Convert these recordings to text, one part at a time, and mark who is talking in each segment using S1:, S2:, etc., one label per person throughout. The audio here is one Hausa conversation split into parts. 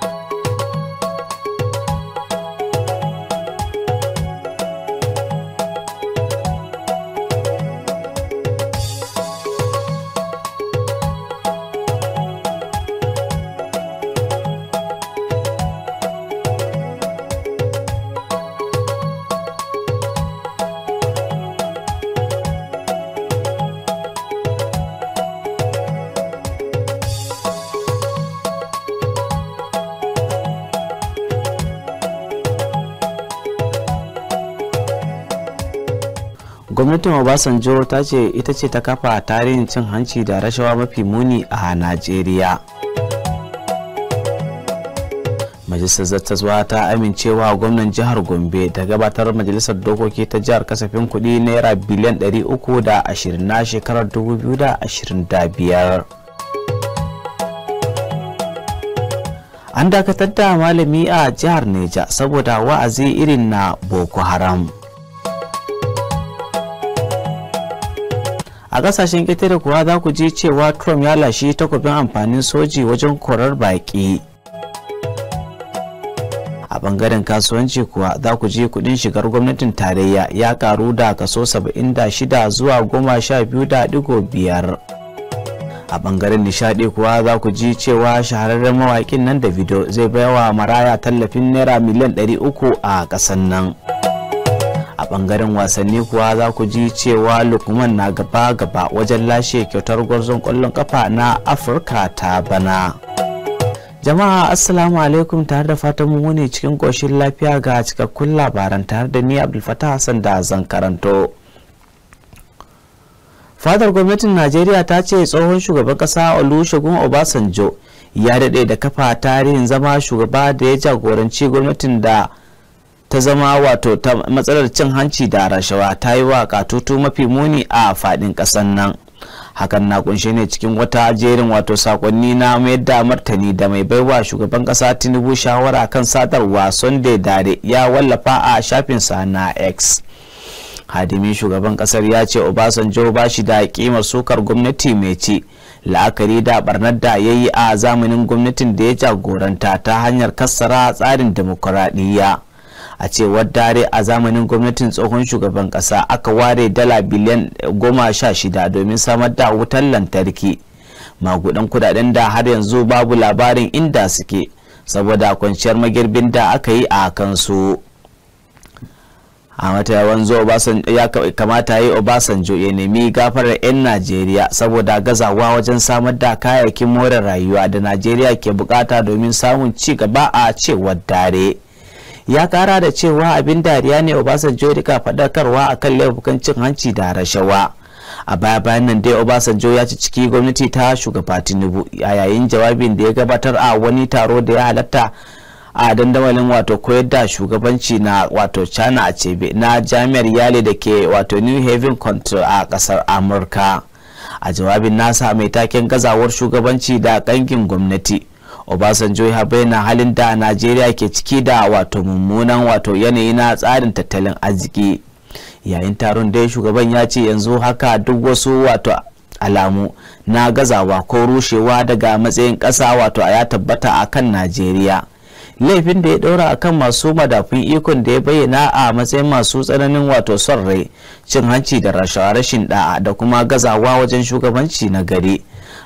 S1: Thank you. fatima obasanjo ta ce ita ce ta kafa tarihin cin hanci da rashawa mafi muni a najeriya majalisar zattaswa ta amincewa gwamnan jihar gombe da gabatar majalisar dokoki ta jihar kasafin kudi naira biliyan 320 na shekarar 2025 an dakatar da malami a jihar neja saboda wa'azi irin na boko haram a kasashen ƙetare kuwa za ku ji cewa trump ya lashe takobin amfanin soji wajen korar baƙi a bangaren kasuwanci kuwa za ku ji kudin shigar gwamnatin tarayya ya karu da kaso 76 zuwa 12.5 a bangaren nishadi kuwa za ku ji cewa shahararren mawakin nan da video zai baiwa maraya tallafin naira miliyan 300 a kasan nan. a bangaren wasanni kuwa za ku ji cewa lukman na gaba gaba wajen lashe kyautar gwarzon kwallon kafa na afirka ta bana jama'a assalamu alaikum tare da fatan mu wani cikin koshin lafiya ga cikakkun labaran tare da ni abdulfatah hassan da zan karanto fadar gwamnatin najeriya ta ce tsohon shugaban kasa olusegun obasanjo ya daɗe da kafa tarihin zama shugaba da ya jagoranci gwamnatin da ta zama wato ta matsalar cin hanci da rashawa ta yi wa katutu mafi muni a faɗin ƙasar nan hakan na kunshe ne cikin wata jerin wato sakonni na mayar da martani da mai baiwa shugaban kasa tinubu shawara kan sadarwa sunday dare ya wallafa a shafinsa na x hadimin shugaban ƙasar ya ce obasanjo ba shi da ƙimar sukar gwamnati mai ci la'akari da barnar da ya yi a zamanin gwamnatin da ya jagoranta ta hanyar kassara tsarin demokuraɗiyya. a cewar dare a zamanin gwamnatin tsohon shugaban kasa aka ware dala biliyan goma sha shida domin samar da wutar lantarki magudan kudaden da har yanzu babu labarin inda suke saboda kwanciyar magirbin da aka yi a kansu a mata wanzo ya kamata yi obasanjo ya nemi gafarar 'yan najeriya saboda gazawa wajen samar da kayayyakin more rayuwa da najeriya ke bukata domin samun ci gaba a cewar dare. ya kara da cewa abin dariya ne obasanjo rika faɗakarwa a kan laifukan cin hanci da rashawa a baya bayan nan dai obasanjo ya ci ciki gwamnati ta shugaba tinubu a yayin jawabin da ya gabatar a wani taro da ya halatta a dandamalin wato koyar da shugabanci na wato china a cebe na jami'ar yale da ke wato new haven country a kasar amurka a jawabin nasa mai taken gazawar shugabanci da kangin gwamnati obasanjo ya bayyana halin da najeriya ke ciki da wato mummunan wato yanayi na tsarin tattalin arziki yayin taron dai shugaban ya ce yanzu haka duk wasu wato alamu na gazawa ko rushewa daga matsayin ƙasa wato a ya tabbata a kan najeriya laifin da ya ɗora a kan masu madafun ikon da ya bayyana a matsayin masu tsananin wato son rai cin hanci da rashawa rashin da'a da kuma gazawa wajen shugabanci na gari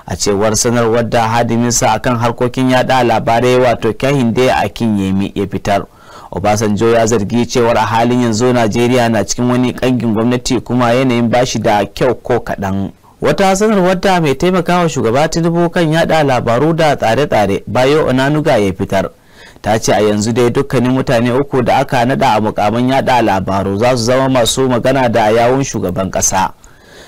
S1: a cewar sanarwar da hadiminsa a kan harkokin yada labarai wato da a yemi ya fitar obasanjo ya zargi cewar a halin yanzu najeriya na cikin wani kangin gwamnati kuma yanayin bashi da kyau ko kaɗan wata sanarwar da mai taimakawa shugaba tinubu kan yada labaru da tsare-tsare bayo onanuga ya fitar ta ce a yanzu dai dukkanin mutane uku da aka nada a mukamin yada labaru za su zama masu magana da yawun shugaban kasa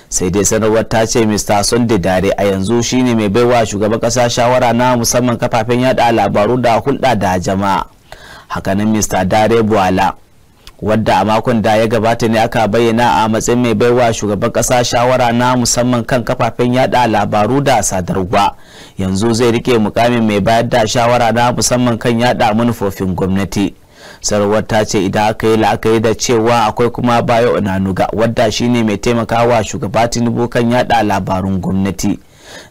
S1: sai dai sanarwar ta ce mr sunday dare a yanzu shine mai baiwa shugaban kasa shawara na musamman kafafen yada labaru da hulɗa da jama'a hakanan mr dare buwala wadda a makon da ya gabata ne aka bayyana a matsayin mai baiwa shugaban kasa shawara na musamman kan kafafen yada labaru da sadarwa yanzu zai rike mukamin mai bayar da shawara na musamman kan yada manufofin gwamnati sarwar ta ce idan aka yi la'akari da cewa akwai kuma bayo onanuga wadda shine mai taimakawa shugaba tinubu kan yada labarun gwamnati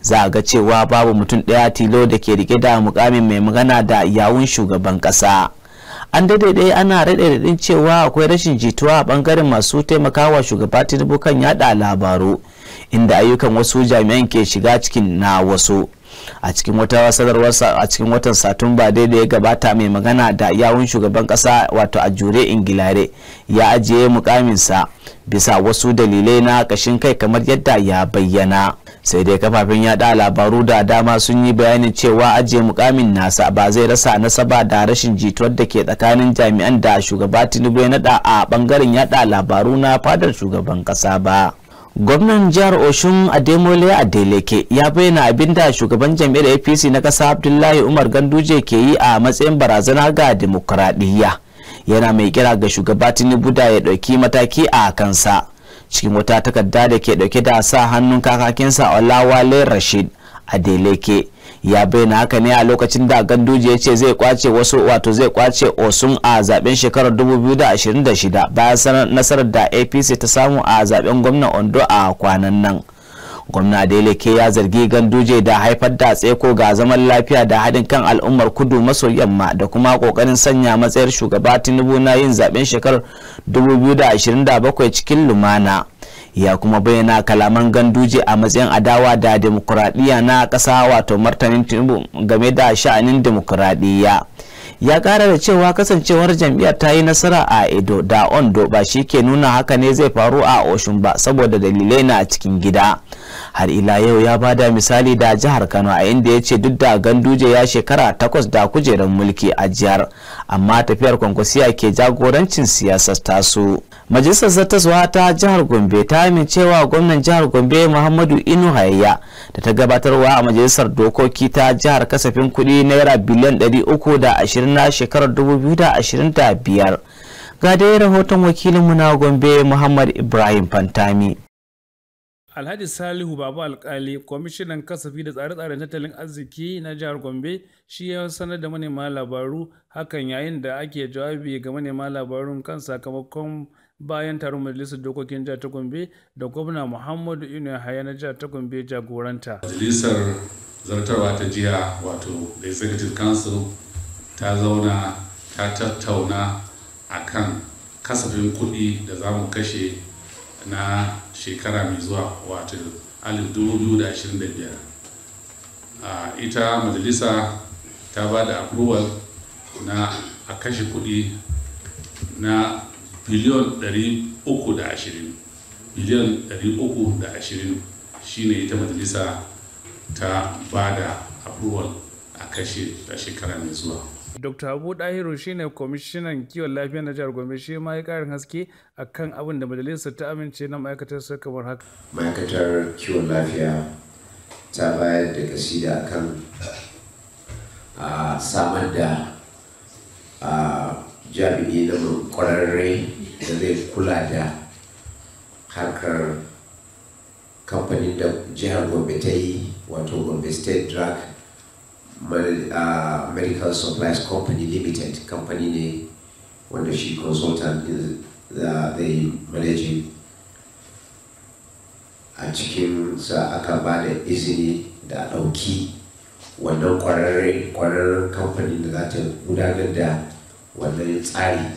S1: za a ga cewa babu mutum daya tilo da ke rike da mukamin mai magana da yawun shugaban kasa. an daidai ana daɗin cewa akwai rashin jituwa a ɓangaren masu taimakawa shugaba tinubu kan yada labaru inda ayyukan wasu jami'an ke shiga cikin na wasu a cikin wata sa a cikin watan satumba daidai da ya gabata mai magana da yawun shugaban kasa wato a jure ingilare ya ajiye mukaminsa bisa wasu dalilai na kashin kai kamar yadda ya bayyana sai dai kafafen yada labaru da dama sun yi bayanin cewa ajiye mukamin nasa ba zai rasa nasaba da rashin jituwar da ke tsakanin jami'an da shugaba tinubu ya nada a bangaren yada labaru na fadar shugaban kasa ba gwamnan jihar oshun ademole adeleke ya bayyana da shugaban jam'iyyar apc na ƙasa abdullahi umar ganduje ke yi a matsayin barazana ga demokuraɗiyya yana mai kira ga shugaba tinubu da ya ɗauki mataki a kansa cikin wata takarda da ke ɗauke da sa hannun kakakinsa olawale rashid adeleke ya bayyana haka ne a lokacin da ganduje ya ce zai kwace wasu wato zai kwace osun a zaben shekarar 2026 bayan nasarar da apc ta samu a zaben gwamnan ondo a kwanan nan gwamna deleke ya zargi ganduje da haifar da tseko ga zaman lafiya da haɗin kan al'ummar kudu maso yamma da kuma ƙoƙarin sanya matsayar shugaba tinubu na yin zaben shekarar 2027 cikin lumana ya kuma bayyana kalaman ganduje a matsayin adawa da demokuraɗiyya na ƙasa wato martanin tinubu game da sha'anin demokuraɗiyya ya ƙara da cewa kasancewar jam'iyyar ta yi nasara a edo da ondo ba shi ke nuna haka ne zai faru a oshun ba saboda dalilai na cikin gida har ila yau ya bada misali da jihar kano a inda ya ce duk da ganduje ya shekara takwas da kujerar mulki a jihar amma tafiyar kwankwasiya ke jagorancin siyasar tasu majalisar zattaswa ta jihar gombe ta amincewa gwamnan jihar gombe muhammadu inu hayayya da ta gabatarwa a majalisar dokoki ta jihar kasafin kudi naira biliyan 320 na shekarar 2025 ga dai rahoton wakilinmu na gombe muhammad ibrahim fantami
S2: Alhaji Salihu Babu Alkali, kwamishinan kasafi da tsare-tsaren tattalin arziki na jihar Gombe, shi ya sanar da manema labaru hakan yayin da ake jawabi ga manema labarun kan sakamakon bayan taron majalisar dokokin jihar ta Gombe da gwamna Muhammadu Inu haya na jihar ta Gombe jagoranta.
S1: Majalisar
S2: zartarwa ta jiya wato the Executive Council ta zauna ta tattauna akan kasafin kuɗi da zamu kashe na shekara mai zuwa biyar. A ita majalisa ta ba da approval na a kashe kudi na biliyon 320 biliyon 320 shine ita majalisa ta ba da approval a kashe a shekara mai zuwa Dr. Abu Dahiru shine kwamishinan kiwon lafiya na jihar Gombe shi ma ya karin haske akan abin da majalisar ta amince na ma'aikatar sai kamar haka.
S1: Ma'aikatar kiwon lafiya ta bayar da kasida akan a samar da jami'i na kwararre da zai kula da harkar kamfanin da jihar Gombe ta yi wato Gombe State Drug Uh, Medical Supplies Company Limited, company ne wanda shi consultant in the uh, they managing a cikin sa aka ba da izini da ɗauki wannan kwararren company da za ta gudanar da wannan tsari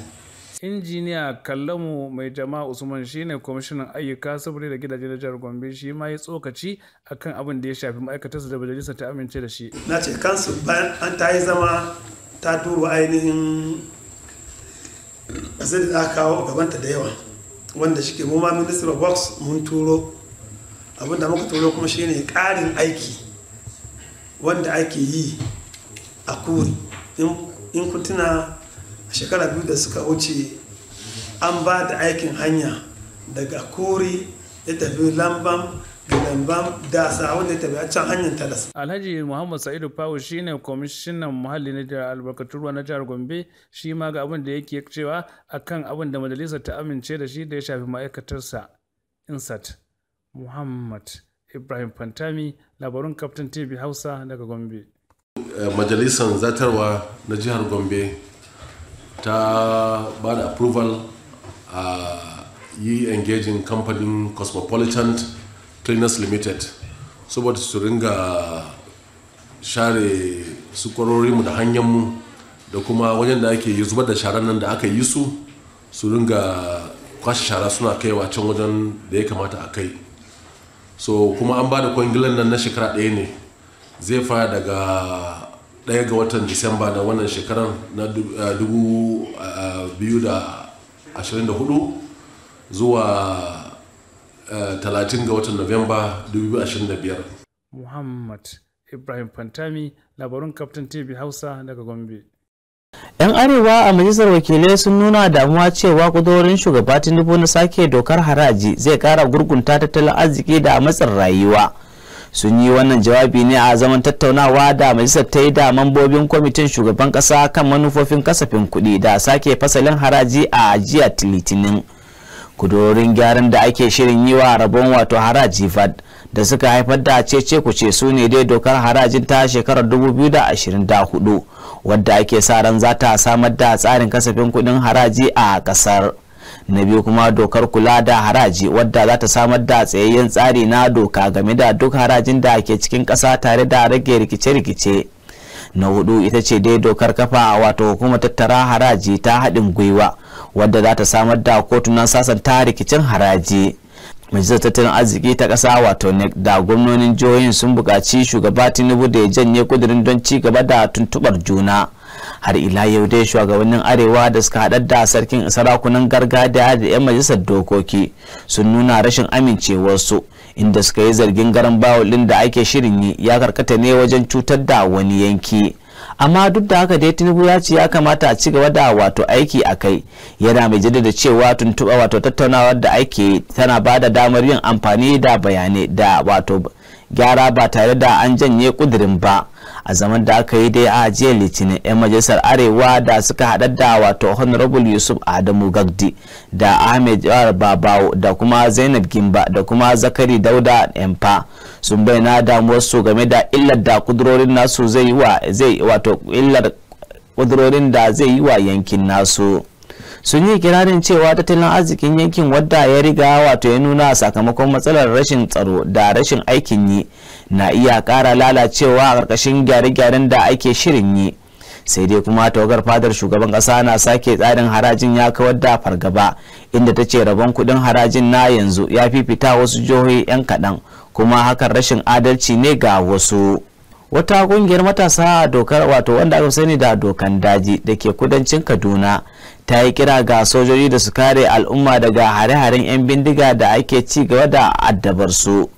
S2: injiniya kallamu mai jama'a usman shine kwamishinan ayyuka saboda da gidaje na jihar gombe shi ma ya tsokaci akan abin da ya shafi ma'aikatarsa da majalisa ta amince da shi na ce kansu bayan an ta yi zama ta duba ainihin asali da aka kawo gabanta da yawa wanda shi ke mu minister of mun turo abin da muka turo kuma shine ƙarin aiki wanda ake yi a kuri in kutuna a shekara biyu da suka wuce an ba da aikin hanya daga kori ya tafi lambam Lambam wanda ya tafi can hanyar talas. Alhaji Muhammad Sa'idu Fawo shine kwamishinan muhalli na jihar albarkatun ruwa na jihar Gombe shi ma ga abin da yake cewa akan abin da majalisar ta amince da shi da ya shafi ma'aikatarsa. Insat Muhammad Ibrahim Fantami labarun Kaftin TV Hausa daga Gombe. Eh, majalisar zatarwa na jihar Gombe ta ba da approval a yi engaging kamfanin cosmopolitan cleaners limited saboda su ringa share su mu da hanyarmu da kuma wajen da ake yi zubar da sharan nan da aka yi su su ringa kwashe shara suna kaiwa can wajen da ya kamata a kai so kuma an ba da kwangilan nan na shekara ɗaya ne zai fara daga daya ga watan disamba na wannan shekarar na 2024 eh, eh, zuwa 30 eh, ga watan novemba 2025 muhammad ibrahim fantami labarun kaftan tv hausa daga gombe
S1: 'yan arewa a majalisar wakilai sun nuna damuwa cewa kudurorin shugaba tinubu na sake dokar haraji zai kara gurgunta tattalin arziki da matsin rayuwa sun yi wannan jawabi ne a zaman tattaunawa da majalisar ta yi da mambobin kwamitin shugaban kasa kan manufofin kasafin kuɗi da sake fasalin haraji a jiya litinin kudurorin gyaran da ake shirin yi wa rabon wato haraji vat da suka haifar da cece kuce su ne dai dokar harajin ta shekarar 2024 wadda ake sa ran za ta samar da tsarin kasafin kuɗin haraji a ƙasar. na biyu kuma dokar kula da haraji wadda za ta samar da tsayayyen tsari na doka game da duk harajin da ke cikin ƙasa tare da rage rikice-rikice na hudu ita ce dai dokar kafa wato hukumar tattara haraji ta haɗin gwiwa wadda za ta samar da kotunan sasanta rikicin haraji majalisar tattalin arziki ta ƙasa wato nec da gwamnonin jihohin sun buƙaci shugaba tinubu da ya janye kudirin don ci gaba da tuntuɓar juna har ila yau dai shugabannin arewa da suka haɗar da sarkin sarakunan gargajiya da 'yan majalisar dokoki sun nuna rashin amincewarsu inda suka yi zargin garin bawulin da ake shirin yi ya karkata ne wajen cutar da wani yanki amma duk da haka dai tinubu ya ce ya kamata a ci gaba da wato aiki a kai yana mai jaddada cewa tuntuɓa wato tattaunawar da ake tana ba da damar yin amfani da bayanai da wato gyara ba tare da an janye kudirin ba a zaman da aka yi dai a jiya litinin 'yan majalisar arewa da suka haɗa da wato honorable yusuf adamu gagdi da ahmed jawar babawo da kuma zainab gimba da kuma zakari dauda empa sun bayyana su game da illar da kudurorin nasu wato illar kudurorin da zai yi wa yankin nasu sun yi kirarin cewa tattalin arzikin yankin wadda ya riga wato ya nuna sakamakon matsalar rashin tsaro da rashin aikin yi na iya kara lalacewa a ƙarƙashin gyare-gyaren da ake shirin yi sai dai kuma tawagar fadar shugaban ƙasa na sake tsarin harajin ya kawar da fargaba inda ta ce rabon kuɗin harajin na yanzu ya fi fita wasu jihohi 'yan kaɗan kuma hakan rashin adalci ne ga wasu. wata kungiyar matasa a dokar wato wanda aka sani da dokan daji da ke kudancin kaduna ta yi kira ga sojoji da su kare al'umma daga hare-haren 'yan bindiga da ake ci gaba da addabar su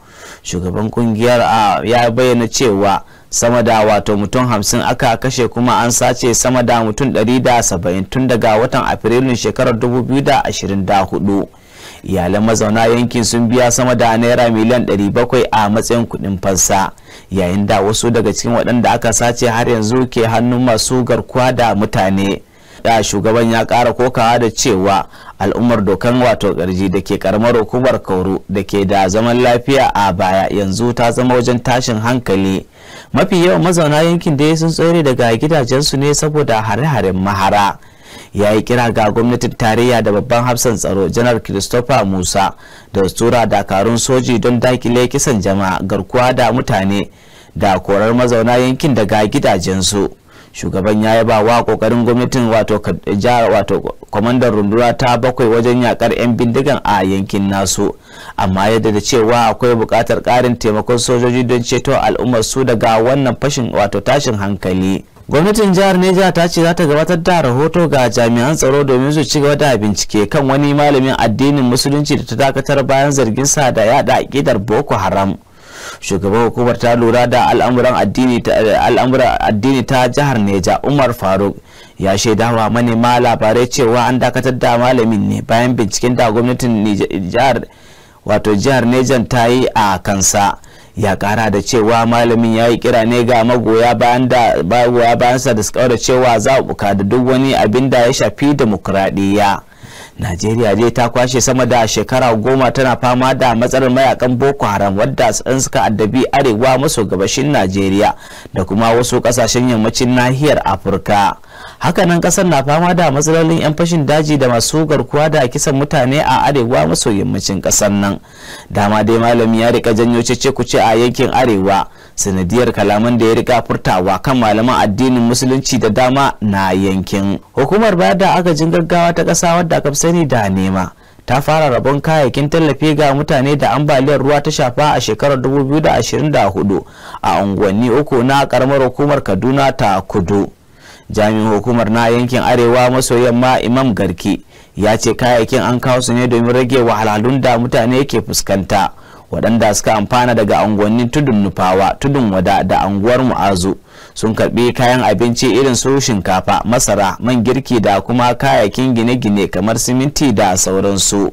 S1: shugaban kungiyar a ya bayyana cewa sama da wato mutum hamsin aka kashe kuma an sace sama da mutum 170 tun daga watan afrilun shekarar 2024 iyalan mazauna yankin sun biya sama da naira miliyan 700 a matsayin kudin fansa yayin da wasu daga cikin waɗanda aka sace har yanzu ke hannun masu garkuwa da mutane ya shugaban ya kara kokawa da cewa al'ummar dokan wato karji da ke karamar hukumar kauru da ke da zaman lafiya a baya yanzu ta zama wajen tashin hankali mafi yawan mazauna yankin da sun tsere daga gidajensu ne saboda hare-haren mahara ya yi kira ga gwamnatin tarayya da babban hafsan tsaro janar christopher musa da tura dakarun soji don dakile kisan jama'a garkuwa da mutane da korar mazauna yankin daga gidajensu shugaban ya yaba wa kokarin gwamnatin wato wato kwamandan rundura ta bakwai wajen yakar 'yan bindigan a yankin nasu amma yadda da cewa akwai bukatar karin taimakon sojoji don ceto al'ummar su daga wannan fashin wato tashin hankali gwamnatin jihar neja ta ce za ta gabatar da rahoto ga jami'an tsaro domin su ci gaba da bincike kan wani malamin addinin musulunci da ta dakatar bayan zargin sa da yada akidar boko haram shugaban hukumar ta lura da al'amuran addini ta jihar neja umar faruk ya shaidawa manema labarai cewa an dakatar da malamin ne bayan binciken da gwamnatin jihar wato jihar neja ta yi a kansa ya kara da cewa malamin ya yi kira ne ga magoya bayan da sa da suka cewa za a buka da duk wani abin da ya shafi demokuraɗiyya. najeriya dai ta kwashe sama da shekara goma tana fama da matsalar mayakan boko haram wadda tsan suka addabi arewa maso gabashin najeriya da kuma wasu kasashen yammacin nahiyar afirka hakanan kasar na fama da matsalolin 'yan fashin daji da masu garkuwa da kisan mutane a arewa maso yammacin kasar nan dama dai malami ya rika janyo cece kuce a yankin arewa sanadiyar kalaman da ya rika furtawa kan malaman addinin musulunci da dama na yankin hukumar bayar da agajin gaggawa ta ƙasa wadda aka sani da nema ta fara rabon kayayyakin tallafi ga mutane da ambaliyar ruwa ta shafa a shekarar 2024 a unguwanni uku na karamar hukumar kaduna ta kudu jami'in hukumar na yankin arewa maso yamma imam garki ya ce kayayyakin an kawo su ne domin rage wahalhalun da mutane ke fuskanta waɗanda suka amfana daga unguwannin tudun nufawa tudun wada da anguwar mu'azu sun karɓi kayan abinci irin su shinkafa masara man girki da kuma kayakin gine-gine kamar siminti da sauransu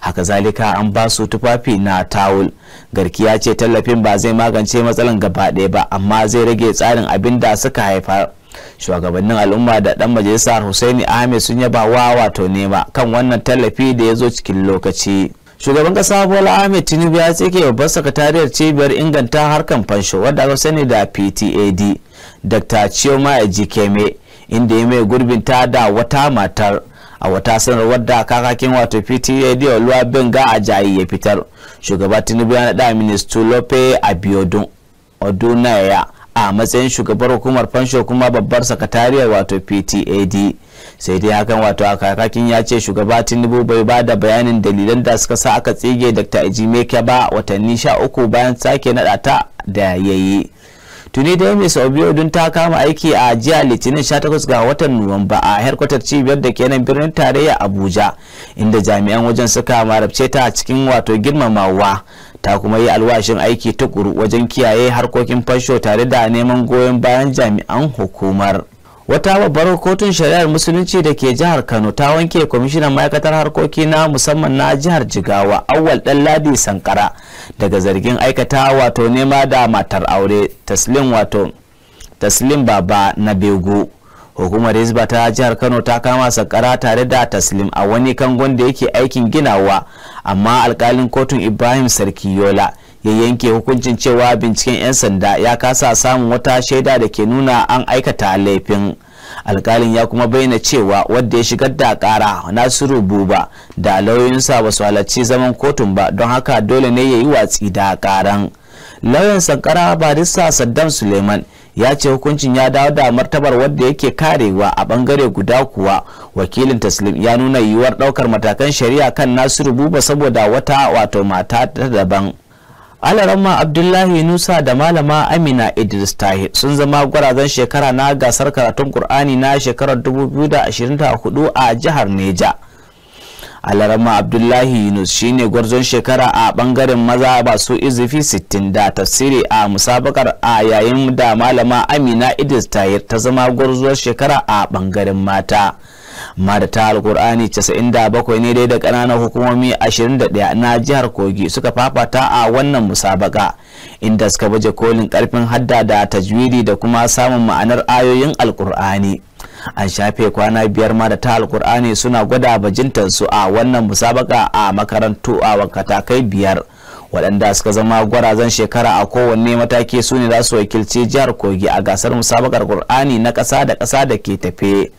S1: haka zalika an ba su tufafi na tawul garki ya ce tallafin ba zai magance matsalan gaba ɗaya ba amma zai rage tsarin abin da suka haifar shugabannin al'umma da ɗan majalisar husaini ahmed sun yaba wa wato nema kan wannan tallafi da ya zo cikin lokaci shugaban kasa bola ahmed tinubu ya tsike babbar sakatariyar cibiyar inganta harkar fansho wadda aka sani da ptad dr chioma ejikeme inda ya mai gurbin ta da wata matar a wata sanarwar da kakakin wato ptad oluwa benga ajayi ya fitar shugaba tinubu ya naɗa ministu lope abiodun odunaya a matsayin shugabar hukumar fansho kuma babbar sakatariyar wato ptad sai dai hakan wato a kakakin ya ce shugaba tinubu bai ba da bayanin dalilan da suka sa aka tsige dr ejimeke ba watanni sha uku bayan sake naɗa ta da yayi tuni dai mai sau biyu don ta kama aiki a jiya litinin 18 ga watan nuwamba a harkotar cibiyar da kenan birnin tarayya abuja inda jami'an wajen suka marabce ta cikin wato girmamawa ta kuma yi alwashin aiki tukuru wajen kiyaye harkokin fasho tare da neman goyon bayan jami'an hukumar wata babbar kotun shari'ar musulunci da ke jihar kano ta wanke kwamishinan ma'aikatar harkoki na musamman na jihar jigawa awwal dan ladi sankara daga zargin aikata wato nema da matar aure taslim wato taslim baba na begu hukumar hizba ta jihar kano ta kama sankara tare da taslim a wani kangon da yake aikin ginawa amma alkalin kotun ibrahim sarki yola ya yanke hukuncin cewa binciken 'yan sanda ya kasa samun wata shaida da ke nuna an aikata laifin. alkalin ya kuma bayyana cewa wadda ya shigar da kara nasiru buba da lauyinsa ba su halarci zaman kotun ba don haka dole ne ya yi watsi da karan lauyan sankara barista saddam suleiman ya ce hukuncin ya dawo da martabar wadda yake karewa a bangare guda kuwa wakilin taslim ya nuna yiwuwar daukar matakan shari'a kan nasiru buba saboda wata wato mata ta daban alarama abdullahi nusa da malama amina idris tahi sun zama gwarazan shekara na gasar karatun kur'ani na shekarar 2024 a jihar neja alarama abdullahi yunus shine gwarzon shekara a bangaren maza masu izifi 60 da tafsiri a musabakar a yayin da malama amina idris tahir ta zama gwarzon shekara a bangaren mata madata alkur'ani 97 ne dai da kananan hukumomi 21 na jihar kogi suka fafata a wannan musabaka inda suka baje kolin karfin hadda da tajwidi da kuma samun ma'anar ayoyin alkur'ani an shafe kwana biyar ma da ta alkur'ani suna gwada bajintansu a wannan musabaka a makarantu a katakai biyar waɗanda suka zama gwarazan shekara a kowanne mataki su ne za su wakilci jihar kogi a gasar musabakar kur'ani na ƙasa da ƙasa da ke tafe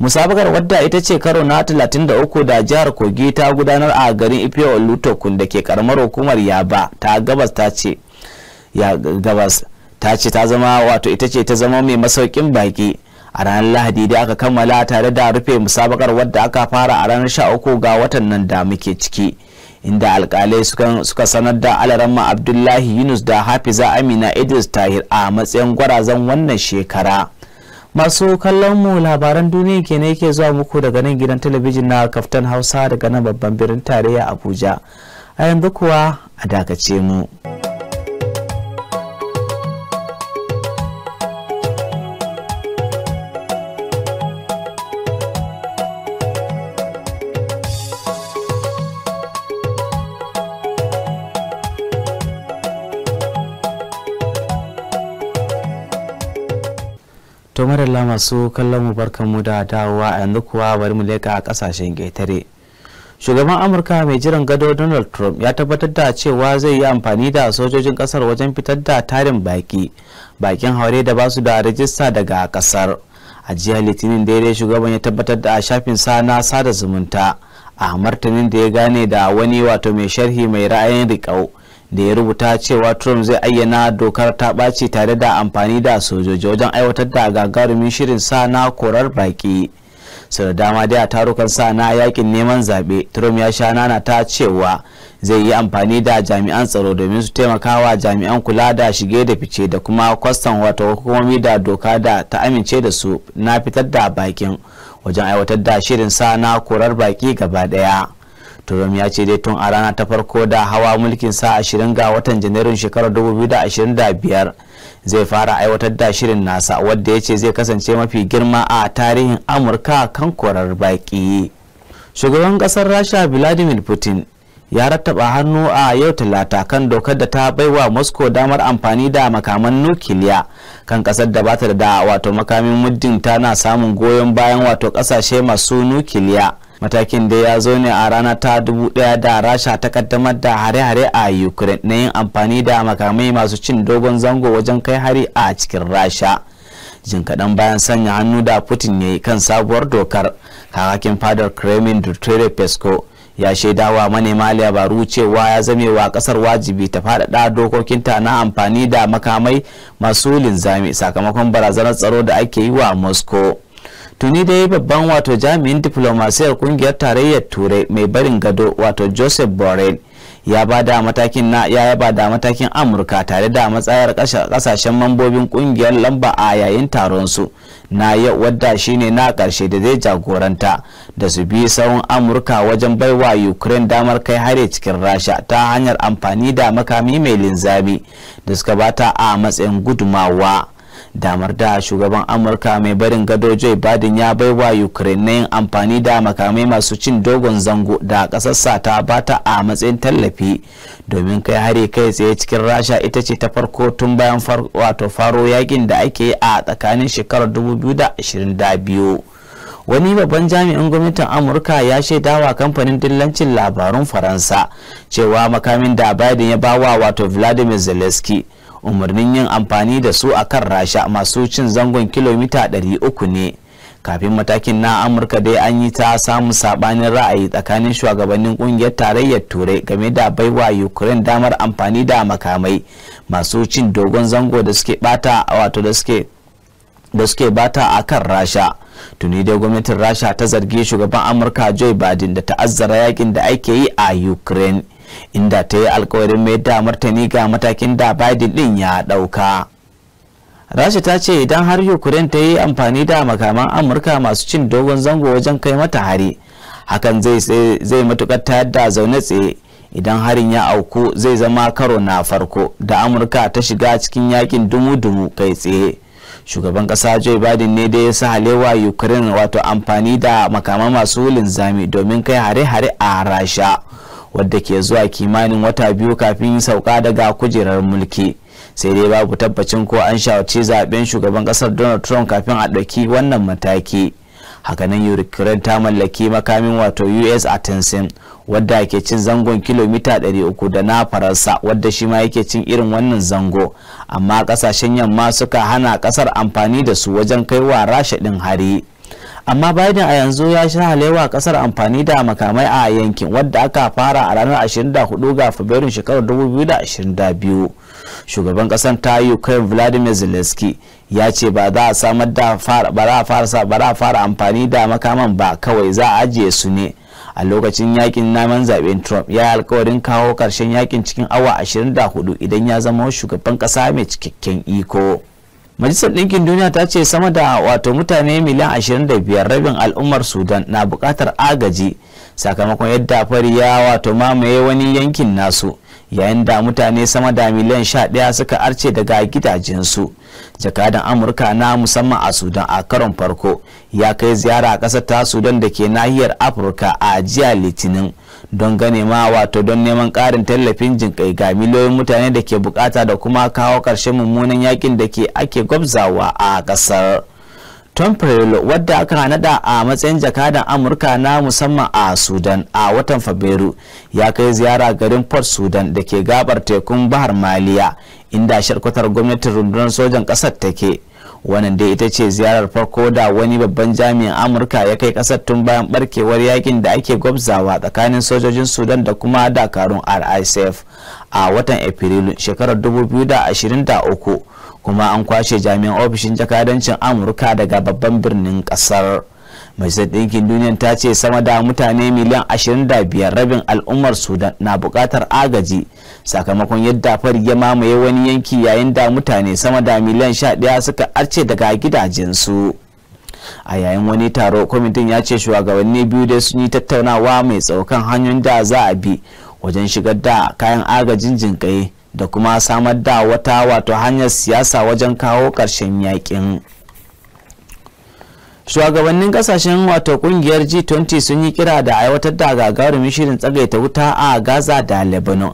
S1: musabakar wadda ita ce karo na 33 da jihar kogi ta gudanar a garin ifewa lutokun da ke karamar hukumar yaba ta gabas ta ce ya gabas ta ce ta zama wato ita ce ta zama mai masaukin baki a ranar lahadi da aka kammala tare da rufe musabakar wadda aka fara a ranar 13 ga watan nan da muke ciki inda alkalai suka sanar da alarama abdullahi yunus da hafiza amina idris tahir a matsayin gwarazan wannan shekara masu kallon mu labaran duniya ke ne ke zuwa muku daga nan gidan talabijin na kaftan hausa daga nan babban birnin tarayya abuja a yanzu kuwa a dakace mu. to marilla masu kallon mu barkan mu da dawowa a yanzu kuwa bari mu leka a kasashen ƙetare shugaban amurka mai jiran gado donald trump ya tabbatar da cewa zai yi amfani da sojojin kasar wajen fitar da tarin baki bakin haure da basu da rajista daga kasar a jiya litinin daidai shugaban ya tabbatar da a shafin sa na sada zumunta a martanin da ya gane da wani wato mai sharhi mai ra'ayin riƙau da ya rubuta cewa trump zai ayyana dokar ta ɓaci tare da amfani da sojoji wajen aiwatar da gagarumin shirin sa na korar baƙi sau da dama dai a tarukan sa na yakin neman zaɓe trump ya sha nana ta cewa zai yi amfani da jami'an tsaro domin su taimakawa jami'an kula da shige da fice da kuma kwastan wata hukumomi da doka da ta amince da su na fitar da bakin wajen aiwatar da shirin sa na korar baki gaba ɗaya. turum ya ce dai tun a rana ta farko da hawa mulkin sa 20 ga watan Janairun shekarar 2025 zai fara aiwatar da shirin nasa wadda ya ce zai kasance mafi girma a tarihin Amurka kan korar baki. Shugaban kasar Rasha Vladimir Putin ya rattaba hannu a yau talata kan dokar da ta baiwa moscow damar amfani da makaman nukiliya kan kasar da bata da wato makamin muddin tana samun goyon bayan wato kasashe masu nukiliya matakin da ya zo ne a rana ta dubu daya da rasha ta kaddamar da hare-hare a ukraine na yin amfani da makamai masu cin dogon zango wajen kai hari a cikin rasha jin kaɗan bayan sanya hannu da putin ya yi kan sabuwar dokar kakakin fadar kremlin duterte pesco ya shaida wa manema labaru cewa ya zame wa kasar wajibi ta faɗaɗa dokokinta na amfani da makamai masu linzami sakamakon barazanar tsaro da ake yi wa moscow tuni dai babban wato jami'in diflomasiyar kungiyar tarayyar turai mai barin gado wato joseph borrell ya ba da matakin na ya yaba da matakin amurka tare da matsayar kasashen mambobin kungiyar lamba a yayin taron su na yau wadda shine na karshe da zai jagoranta da su bi sawun amurka wajen baiwa ukraine damar kai hare cikin rasha ta hanyar amfani da makami mai linzami da suka bata a matsayin gudumawa damar da shugaban amurka mai barin gado joe biden ya baiwa ukraine na yin amfani da makamai masu cin dogon zango da ƙasarsa ta bata a matsayin tallafi domin kai hari kai tsaye cikin rasha ita ce ta farko tun bayan wato faro yakin da ake yi a tsakanin shekarar 2022 wani babban jami'in gwamnatin amurka ya shaidawa kamfanin dillancin labarun faransa cewa makamin da biden ya bawa wato vladimir zelensky umarnin yin amfani da su a kan rasha masu cin zangon kilomita 300 ne kafin matakin na amurka dai an yi ta samun sabanin ra'ayi tsakanin shugabannin kungiyar tarayyar turai game da baiwa ukraine damar amfani da makamai masu cin dogon zango da suke bata wato da suke bata a kan rasha tuni dai gwamnatin rasha ta zargi shugaban amurka joe badin da ta'azzara yakin da ake yi a ukraine inda ta yi alkawarin mai damar martani ga matakin da biden din ya dauka rasha ta ce idan har ukraine ta yi amfani da makaman amurka masu cin dogon zango wajen kai mata hari hakan zai matukar ta da zaune tsaye idan harin ya auku zai zama karo na farko da amurka ta shiga cikin yakin dumu-dumu kai tsaye shugaban ƙasa joe biden ne da ya sa halewa ukraine wato amfani da makaman masu linzami domin kai hare-hare a rasha wadda ke zuwa kimanin wata biyu kafin sauka daga kujerar mulki sai dai babu tabbacin ko an shawarci zaben shugaban kasar donald trump kafin a ɗauki wannan mataki hakanan ukraine ta mallaki makamin wato us a attention wadda ke cin zangon kilomita 300 da na faransa wadda shi ma yake cin irin wannan zango amma kasashen yamma suka hana kasar amfani da su wajen kaiwa rasha ɗin hari amma biden a yanzu ya shi halewa kasar amfani da makamai a yankin wadda aka fara a ranar 24 ga fabrairun shekarar 2022 shugaban kasar ta ukraine vladimir zelensky ya ce ba za a samar da fara fara amfani da makaman ba kawai za a ajiye su ne a lokacin yakin naman zaben trump ya yi alkawarin kawo karshen yakin cikin awa 24 idan ya zama shugaban kasa mai cikakken iko majalisar ɗinkin duniya ta ce sama da wato mutane miliyan 25 rabin al'ummar sudan na buƙatar agaji sakamakon yadda fari ya wato mamaye wani yankin nasu yayin da mutane sama da miliyan 11 suka arce daga gidajensu jakadan amurka na musamman a sudan a karon farko ya kai ziyara a ƙasar ta sudan da ke nahiyar afirka a jiya litinin don gane ma wato don neman ƙarin tallafin jinƙai ga miliyoyin mutane da ke bukata da kuma kawo ƙarshen mummunan yakin da ke ake gwabzawa a ƙasar. Tom Perello wadda aka hanada a matsayin jakadan Amurka na musamman a Sudan a watan Fabrairu ya kai ziyara garin Port Sudan da ke gabar tekun Bahar Maliya inda sharkwatar gwamnatin rundunar sojan ƙasar take. wannan dai ita ce ziyarar farko da wani babban jami'in amurka ya kai kasar tun bayan barkewar yakin da ake gwabzawa tsakanin sojojin sudan da kuma dakarun rsf a watan afrilu shekarar 2023 kuma an kwashe jami'an ofishin jakadancin amurka daga babban birnin kasar majalisar ɗinkin duniya ta ce sama da mutane miliyan 25 rabin al'ummar sudan na buƙatar agaji sakamakon yadda fari ya mamaye wani yanki yayin da mutane sama da miliyan 11 suka arce daga gidajensu a yayin wani taro kwamitin ya ce shugabanni biyu da sun yi tattaunawa mai tsaukan hanyoyin da za a bi wajen shigar da kayan agajin jinƙai da kuma samar da wata wato hanyar siyasa wajen kawo ƙarshen yakin. shugabannin kasashen wato kungiyar g20 sun yi kira da aiwatar da gagarumin shirin tsagaita wuta a gaza da lebanon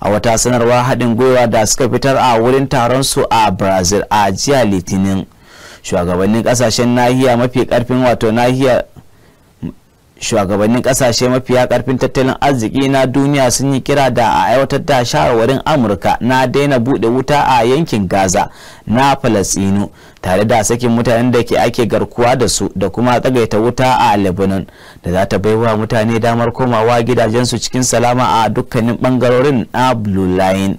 S1: a wata sanarwa haɗin gwiwa da suka fitar a wurin taron su a brazil a jiya litinin shugabannin kasashen nahiya mafi karfin wato nahiya shugabannin kasashe mafiya karfin tattalin arziki na duniya sun yi kira da a aiwatar da shawarwarin amurka na daina buɗe wuta a yankin gaza na falasino tare da sakin mutanen da ke ake garkuwa da su da kuma tsagaita wuta a lebanon da za ta baiwa mutane damar komawa gidajensu cikin salama a dukkanin bangarorin na blue line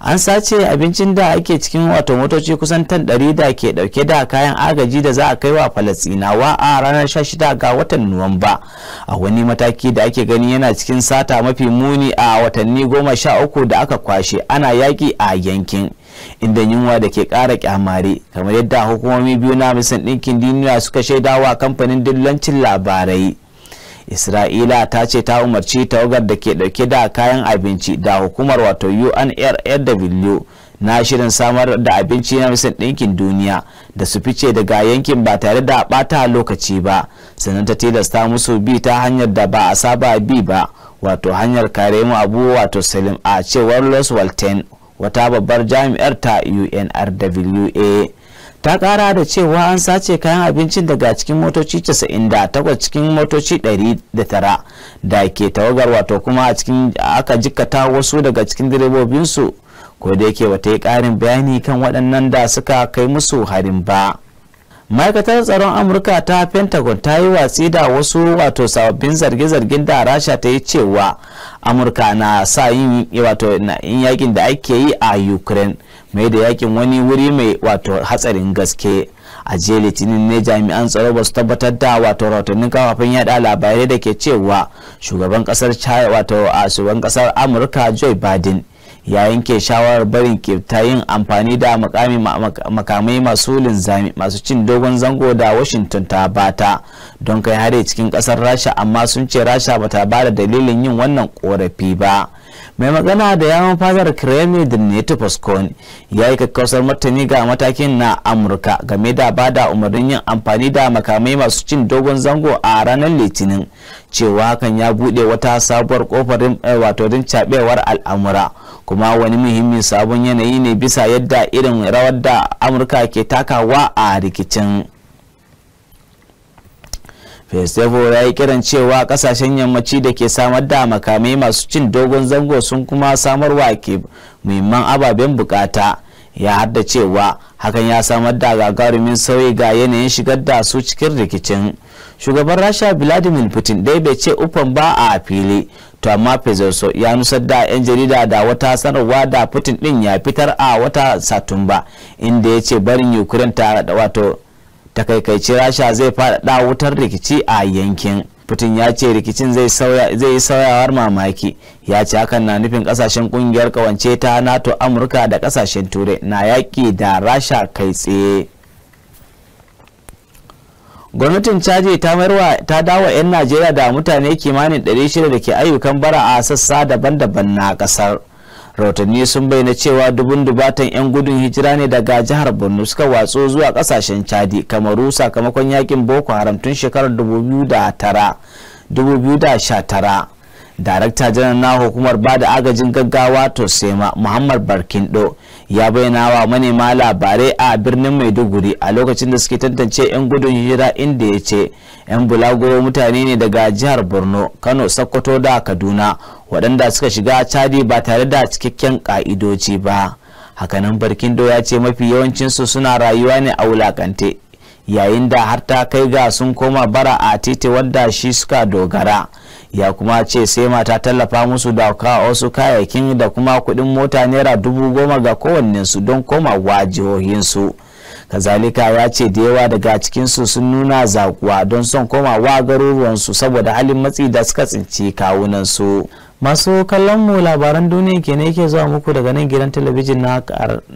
S1: an sace abincin da ake cikin wato motoci kusan tan 100 da ke dauke da kayan agaji da za a kai wa falastinawa a ranar 16 ga watan nuwamba a wani mataki da ake gani yana cikin sata mafi muni a watanni 13 da aka kwashe ana yaki a yankin inda yunwa da ke ƙara kyamare kamar yadda hukumomi biyu na misan ɗinkin duniya suka shaida wa kamfanin dillancin labarai isra'ila ta ce ta umarci tawagar da ke dauke da kayan abinci da hukumar wato unrw na shirin samar da abinci na misan ɗinkin duniya da su fice daga yankin ba tare da ɓata lokaci ba sannan ta tilasta musu bi ta hanyar da ba a saba bi ba wato hanyar karemu abu wato salim a cewar los walton wata babbar jami'ar ta unrwa ta kara da cewa an sace kayan abincin daga cikin motoci 98 cikin motoci 109 da ke tawagar wato kuma a cikin aka jikkata wasu daga cikin direbobinsu ko da yake wata yi karin bayani kan waɗannan da suka kai musu harin ba. ma'aikatar tsaron amurka ta pentagon ta yi watsi da wasu wato sababbin zarge-zargen da rasha ta yi cewa amurka na sa yin wato in yakin da ake yi a ukraine mai da yakin wani wuri mai wato hatsarin gaske a jiya litinin ne jami'an tsaro ba su tabbatar da wato rahotannin kafafen yada labarai da ke cewa shugaban kasar wato a shugaban kasar amurka joe biden ya yanke shawarar barin kirta yin amfani da makamai masu linzami masu cin dogon zango da washington ta bata don kai hare cikin kasar rasha amma sun ce rasha bata ba da dalilin yin wannan korafi ba mai magana da yawon fadar kremlin da neto ya yi kakkausar martani ga matakin na amurka game da bada umarnin yin amfani da makamai masu cin dogon zango a ranar litinin cewa kan ya buɗe wata sabuwar kofar eh, wato caɓewar al'amura kuma wani muhimmin sabon yanayi ne bisa yadda irin rawar da amurka ke takawa a rikicin festival ya yi kiran cewa kasashen yammaci da ke samar da makamai masu cin dogon zango sun kuma samarwa ke muhimman ababen bukata ya hadda cewa hakan ya samar da gagarumin sauyi ga yanayin shigar da su cikin rikicin shugaban rasha vladimir putin dai bai ce ufan ba a fili to amma fezoso ya nusar da 'yan jarida da wata sanarwa da putin din ya fitar a wata satumba inda ya ce barin ukraine ta wato takaikaici rasha zai faɗaɗa wutar rikici a yankin putin ya ce rikicin zai yi sauyawar mamaki ya ce hakan na nufin kasashen kungiyar kawance ta nato amurka da kasashen turai na yaƙi da rasha kai tsaye gwamnatin caji ta dawa 'yan najeriya da mutane kimanin 600 da ke ayyukan bara a sassa daban-daban na kasar. rahotanni sun bayyana cewa dubun dubatan 'yan gudun hijira ne daga jihar borno suka watso zuwa kasashen chadi kamaru sakamakon yakin boko haram tun shekarar 2019 darakta janar na hukumar ba da agajin gaggawa tosema muhammad barkindo ya bayyana wa manema labarai a birnin maiduguri a lokacin da suke tantance 'yan gudun hira inda ya ce 'yan bulaguro mutane ne daga jihar borno kano sokoto da kaduna waɗanda suka shiga cadi ba tare da cikakken ka'idoji ba hakanan barkindo ya ce mafi yawancinsu suna rayuwa ne a wulakante yayin da har ta kai ga sun koma bara a titi wanda shi suka dogara ya kuma ce sai mata tallafa musu da wasu kayayyakin da kuma kuɗin mota naira dubu goma ga kowannensu don komawa jihohinsu kazalika ya ce da yawa daga cikinsu sun nuna zakuwa don son komawa garuruwansu saboda halin matsi da suka tsinci kawunansu masu kallon mu labaran duniya ke yake zuwa muku daga nan gidan talabijin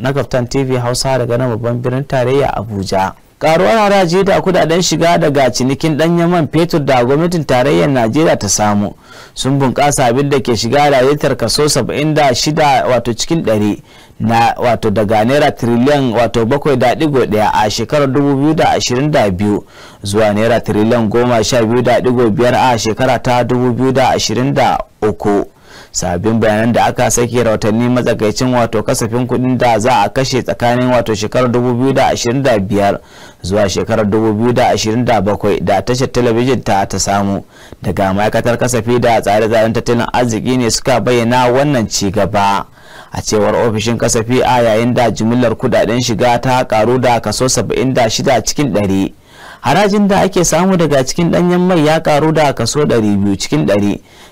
S1: na kaftan tv hausa daga nan babban birnin tarayya abuja karuwar haraji da kudaden shiga daga cinikin danyen man fetur da gwamnatin tarayyar najeriya ta samu sun bunƙasa abin da ke shiga rayuwar kaso 76 wato cikin 100 na wato daga naira tiriliyan wato 7.1 a shekarar 2022 zuwa naira tiriliyan 12.5 a shekara ta 2023 sabbin bayanan da aka sake rahotanni matsakaicin wato kasafin kuɗin da za a kashe tsakanin wato shekarar 2025 zuwa shekarar 2027 da tashar talabijin ta ta samu daga ma'aikatar kasafi da tsare-tsaren tattalin arziki ne suka bayyana wannan ci gaba. a cewar ofishin kasafi a yayin da jimillar kudaden shiga ta karu da kaso 76 cikin 100 harajin da ake samu daga cikin danyen mai ya karu da kaso 200 cikin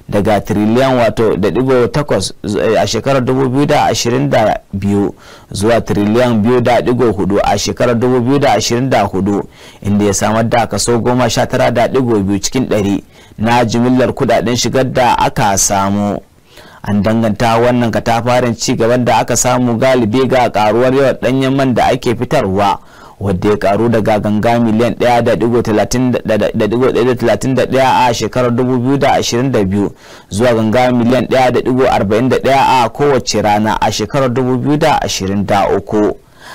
S1: daga tiriliyan wato da digo takwas eh, a shekarar 2022 zuwa tiriliyan biyu da digo hudu a shekarar 2024 inda ya samar da kaso goma sha tara da digo biyu cikin ɗari na jimillar kudaden shigar da aka samu an danganta wannan katafaren ci gaban da aka samu galibi ga karuwar yawan danyen man da ake fitarwa wadda ya karu daga ganga miliyan 1.31 a shekarar 2022 zuwa ganga miliyan 1.41 a kowace rana a shekarar 2023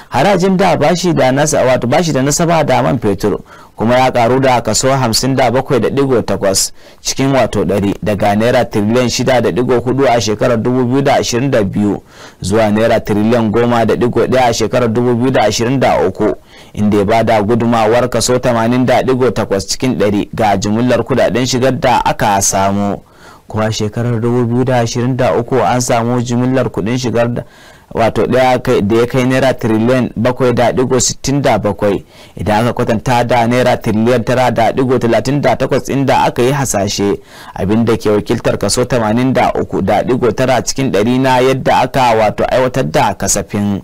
S1: harajin da bashi da nasa wato bashi da nasaba da man fetur kuma ya karu da kaso 57.8 cikin wato 100 daga naira tiriliyan 6.4 a shekarar 2022 zuwa naira tiriliyan 10.1 a shekarar 2023 inda ya bada gudumawar kaso 80.8 cikin 100 ga jimillar kudaden shigar da aka samu kuma shekarar 2023 an samu jimillar kudin shigar da wato da ya kai naira tiriliyan 7.67 idan aka kwatanta da naira tiriliyan 9.38 inda aka yi hasashe abinda ke wakiltar kaso 83.9 cikin 100 na yadda aka wato aiwatar da kasafin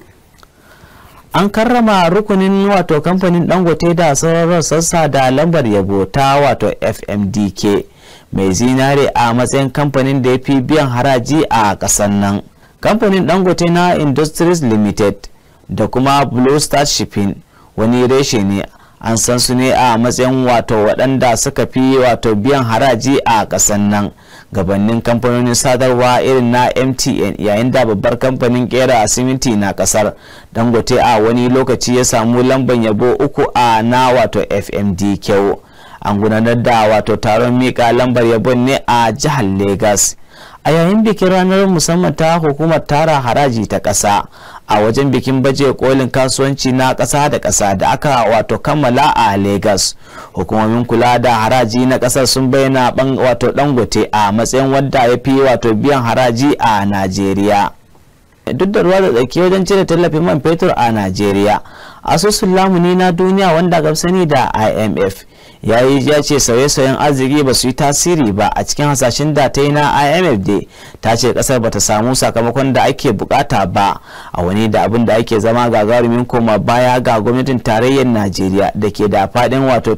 S1: an karrama rukunin wato kamfanin dangote da sauran sassa da lambar yabo ta wato fmdk mai zinare a matsayin kamfanin da ya fi biyan haraji a ƙasar nan kamfanin dangote na industries limited da kuma blue star shipping wani reshe ne an san su ne a matsayin wato waɗanda suka fi wato biyan haraji a ƙasar nan gabanin kamfanonin sadarwa irin na mtn yayin da babbar kamfanin kera a siminti na kasar dangote a wani lokaci ya samu lamban yabo uku a na wato fmd kyau an gudanar da wato taron mika lambar yabon ne a jihar lagos a yayin bikin ranar musamman ta hukumar tara haraji ta ƙasa a wajen bikin baje kolin kasuwanci na ƙasa da ƙasa da aka wato kammala a lagos hukumomin kula da haraji na ƙasar sun bayyana wato dangote a matsayin wadda ya fi wato biyan haraji a najeriya duk da ruwa da tsaki wajen cire tallafin man fetur a najeriya asusun lamuni na duniya wanda gamsani da imf ya yi ya ce sauye-sauyen arziki ba su yi tasiri ba a cikin hasashen da ta yi na imf da ta ce kasar ba ta samu sakamakon da ake bukata ba a wani da abin da ake zama gagarumin koma baya ga gwamnatin tarayyar najeriya da ke da fadin wato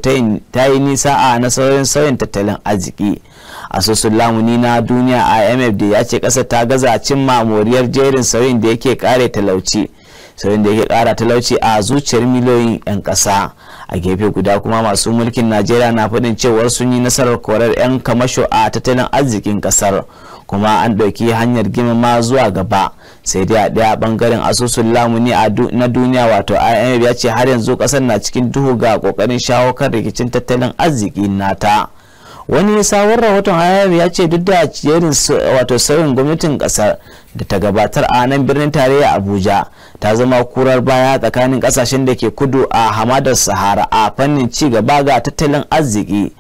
S1: ta yi nisa a nasarorin sauyin tattalin arziki asusun lamuni na duniya imf da ya ce kasar ta gaza cimma moriyar jerin sauyin da yake kare talauci sauyin da yake kara talauci a zuciyar miliyoyin 'yan ƙasa a gefe guda kuma masu mulkin najeriya na fadin cewar sun yi nasarar korar 'yan kamasho a tattalin arzikin kasar kuma an ɗauki hanyar girma zuwa gaba sai dai a ɗaya ɓangaren asusun lamuni na duniya wato imf ya ce har yanzu ƙasar na cikin duhu ga ƙoƙarin shawo kan rikicin tattalin arziki nata wani sabon rahoton imf ya ce duk da jerin wato sauyin gwamnatin ƙasar da ta gabatar a nan birnin tarayya abuja ta zama kurar baya tsakanin kasashen da ke kudu a hamadar sahara a fannin ci gaba ga tattalin arziki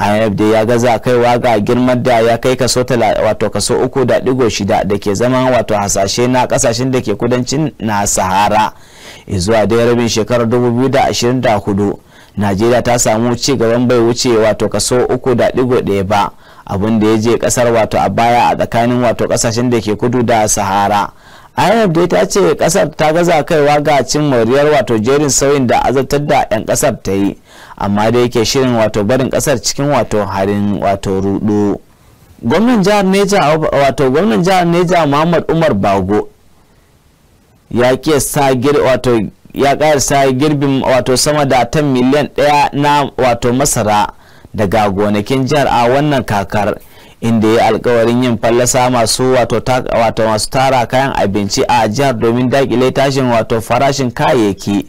S1: imf da ya gaza kaiwa ga girman da ya kai kaso wato kaso uku da digo shida da ke zama wato hasashe na kasashen da ke kudancin na sahara zuwa dai rabin shekarar 2024 najeriya ta samu ci gaban bai wuce wato kaso uku da digo ɗaya ba abin da ya je kasar wato a baya a tsakanin wato kasashen da ke kudu da sahara imf dai ta ce kasar ta gaza kaiwa ga cin moriyar wato jerin sauyin da azabtar da 'yan kasar ta yi amma da yake shirin wato barin kasar cikin wato harin wato rudu gwamnan jihar neja wato gwamnan jihar neja muhammad umar bago ya ke sa wato ya sa girbin wato sama da tan miliyan ɗaya na wato masara daga gonakin jihar a wannan kakar inda ya alkawarin yin fallasa masu wato masu tara kayan abinci a jihar domin dakile tashin wato farashin kayayyaki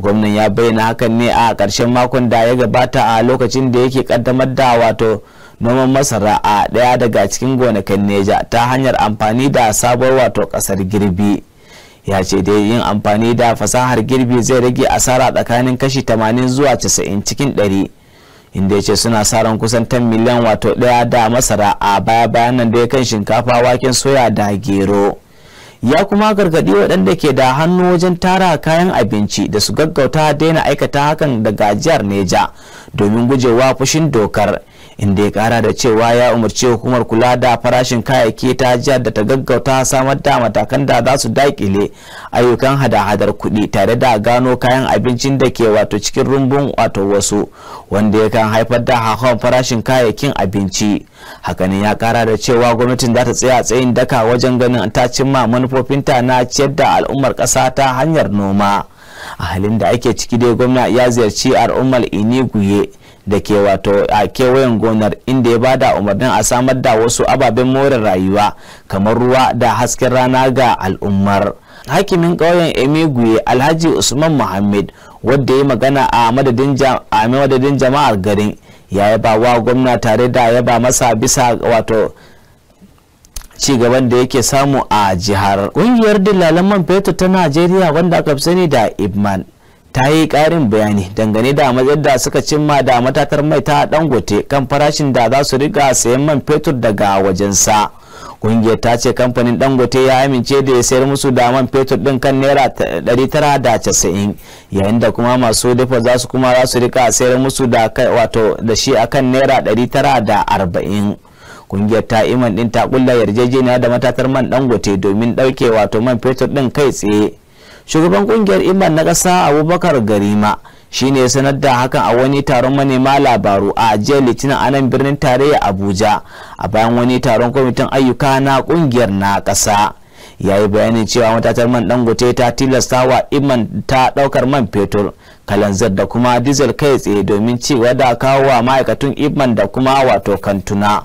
S1: gwamnan ya bayyana hakan ne a ƙarshen makon da ya gabata a lokacin da yake kaddamar da wato noman masara a ɗaya daga cikin gonakin neja ta hanyar amfani da sabuwar wato ƙasar girbi ya ce dai yin amfani da fasahar girbi zai rage asara tsakanin kashi 80 zuwa 90 cikin 100 inda ya ce suna sa ran kusan 10 miliyan wato daya da masara a baya bayan nan da ya kan shinkafa waken soya da gero ya kuma gargaɗi waɗanda ke da hannu wajen tara kayan abinci da su gaggauta daina aikata hakan daga jihar neja domin gujewa fushin dokar inda ya kara da cewa ya umarci hukumar kula da farashin kayayyaki ta jihar da ta gaggauta samar da matakan da za su dakile ayyukan hada-hadar kuɗi tare da gano kayan abincin da ke wato cikin rumbun wato wasu wanda ya kan haifar da hauhawar farashin kayayyakin abinci hakan ya kara da cewa gwamnatin za ta tsaya tsayin daka wajen ganin ta cimma manufofinta na ciyar da al'ummar ƙasa ta hanyar noma a halin da ake ciki dai gwamna ya ziyarci al'ummar iniguye da ke wato a kewayen gonar inda ya bada umarnin a samar da wasu ababen more rayuwa kamar ruwa da hasken rana ga al'ummar hakimin ƙauyen emeguye alhaji usman muhammad wadda ya magana a madadin jama'ar garin ya yaba wa gwamna tare da ya ba masa bisa wato ci gaban da yake samu a jihar ƙungiyar dillalan man fetur ta najeriya wanda aka fi sani da ibman ta yi ƙarin bayani dangane da matsayar da suka cimma da matatar mai ta dangote kan farashin da za su riga sayan man fetur daga wajensa ƙungiyar ta ce kamfanin dangote ya amince da ya sayar musu da man fetur din kan naira 990 yayin da kuma masu dafa za su kuma za su rika sayar musu da wato da shi akan naira 940 kungiyar ta iman din ta ƙulla yarjejeniya da matatar man dangote domin ɗauke wato man fetur ɗin kai tsaye shugaban kungiyar iman na ƙasa abubakar garima shine ya sanar da hakan a wani taron manema labaru a ajiyar litinin anan birnin tarayya abuja a bayan wani taron kwamitin ayyuka na kungiyar na kasa ya yi bayanin cewa matatar man dangote ta tilasta wa iman ta daukar man fetur kalanzar da kuma diesel kai tsaye domin cewa da kawo wa ma'aikatun iman da kuma wato kantuna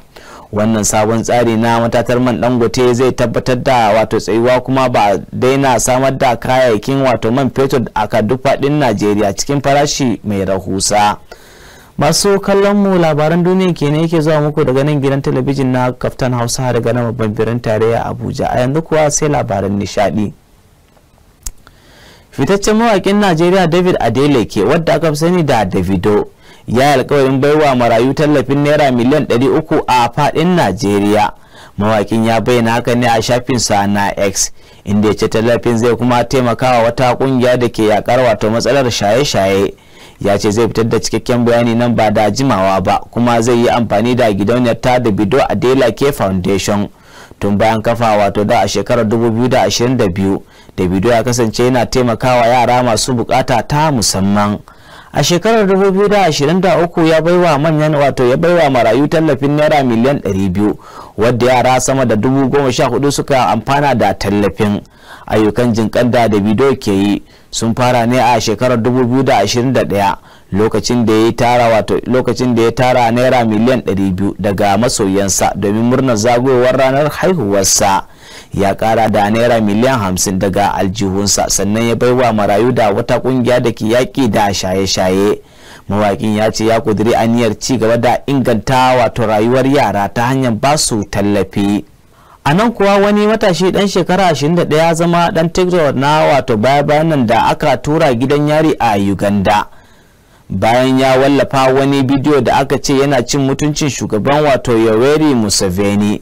S1: wannan sabon tsari na matatar man dangote zai tabbatar da wato tsayuwa kuma ba daina samar da kayayyakin wato man fetur a duk faɗin najeriya cikin farashi mai rahusa masu kallon mu labaran duniya ne yake zuwa muku daga nan gidan talabijin na kaftan hausa daga na babban birnin tarayya abuja a yanzu kuwa sai labaran nishadi fitaccen mawakin najeriya david adeleke wadda aka sani da davido ya alkawarin baiwa marayu tallafin naira miliyan 300 a fadin najeriya mawakin ya bayyana haka ne a shafinsa na x inda ya ce tallafin zai kuma taimakawa wata kungiya da ke yakar wato matsalar shaye-shaye ya ce zai fitar da cikakken bayani nan ba da jimawa ba kuma zai yi amfani da gidauniyar ta da bido a dela ke foundation tun bayan kafa wato da a shekarar 2022 da bido ya kasance yana taimakawa yara masu bukata ta musamman a shekarar 2023 ya baiwa manyan wato ya baiwa marayu tallafin naira miliyan 200 wadda yara sama da 14,000 suka amfana da tallafin ayyukan jinkan da davido ke yi sun fara ne a shekarar 2021 lokacin da ya tara wato lokacin da ya tara naira miliyan 200 daga masoyansa domin murnar zagowar ranar haihuwarsa ya kara da naira miliyan hamsin daga aljihunsa sannan ya baiwa marayu da wata kungiya da ke yaƙi da shaye-shaye mawaƙin ya ce ya kudiri aniyar ci gaba da inganta wato rayuwar yara ta hanyar ba su tallafi a nan kuwa wani matashi dan shekara 21 ya zama dan tiktok na wato baya-bayan nan da aka tura gidan yari a uganda bayan ya wallafa wani bidiyo da aka ce yana cin mutuncin shugaban wato yoweri museveni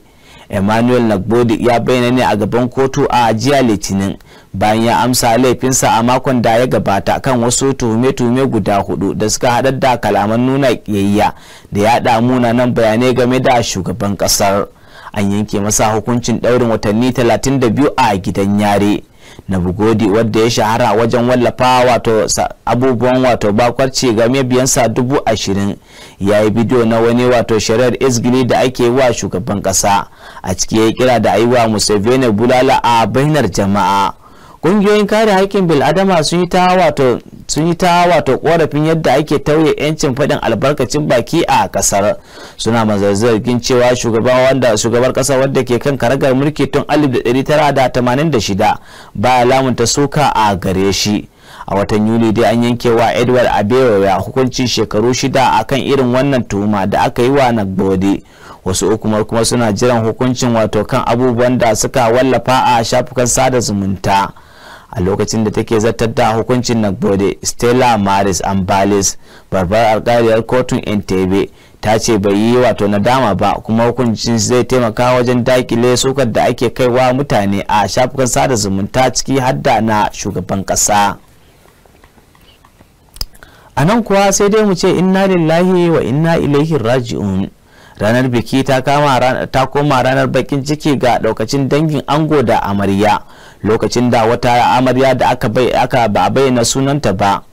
S1: emmanuel nagbodi ya bayyana ne a gaban kotu a jiya litinin bayan ya amsa laifinsa a makon da ya gabata kan wasu tuhume-tuhume guda hudu da suka haɗar da kalaman nuna kiyayya da ya damu munanan bayanai game da shugaban ƙasar an yanke masa hukuncin ɗaurin watanni 32 a gidan yare na bugodi wadda ya shahara wajen wallafa wato abubuwan wato bakwarci ga sa dubu ashirin ya yi bidiyo na wani wato shari'ar izgili da ake wa shugaban kasa a ciki ya kira da a aiwa museveni bulala a bainar jama'a ƙungiyoyin kare haƙƙin bil'adama sun yi ta wato sun yi ta wato korafin yadda ake tauye 'yancin faɗin albarkacin baki a ƙasar suna mazarzargin cewa shugaban wanda shugabar ƙasar wadda ke kan karagar mulki tun 1986 baya lamunta suka a gare shi a watan yuli dai an yanke wa edward abewa hukunci shekaru shida a kan irin wannan tuhuma da aka yi wa nagbode wasu hukumar kuma suna jiran hukuncin wato kan abubuwan da suka wallafa a shafukan sada zumunta a lokacin da take zartar da hukuncin nagbode stella maris ambalis babbar alkaliyar kotun ntb ta ce bai yi wato nadama ba kuma hukuncin zai taimaka wajen dakile sukar da ake kaiwa mutane a shafukan sada zumunta ciki hadda na shugaban kasa a nan kuwa sai dai mu ce inna lillahi wa inna ilaihi raji'un ranar biki ta koma ranar bakin ciki ga daukacin dangin ango da amarya lokacin da wata amarya da aka bai aka ba bayyana sunanta ba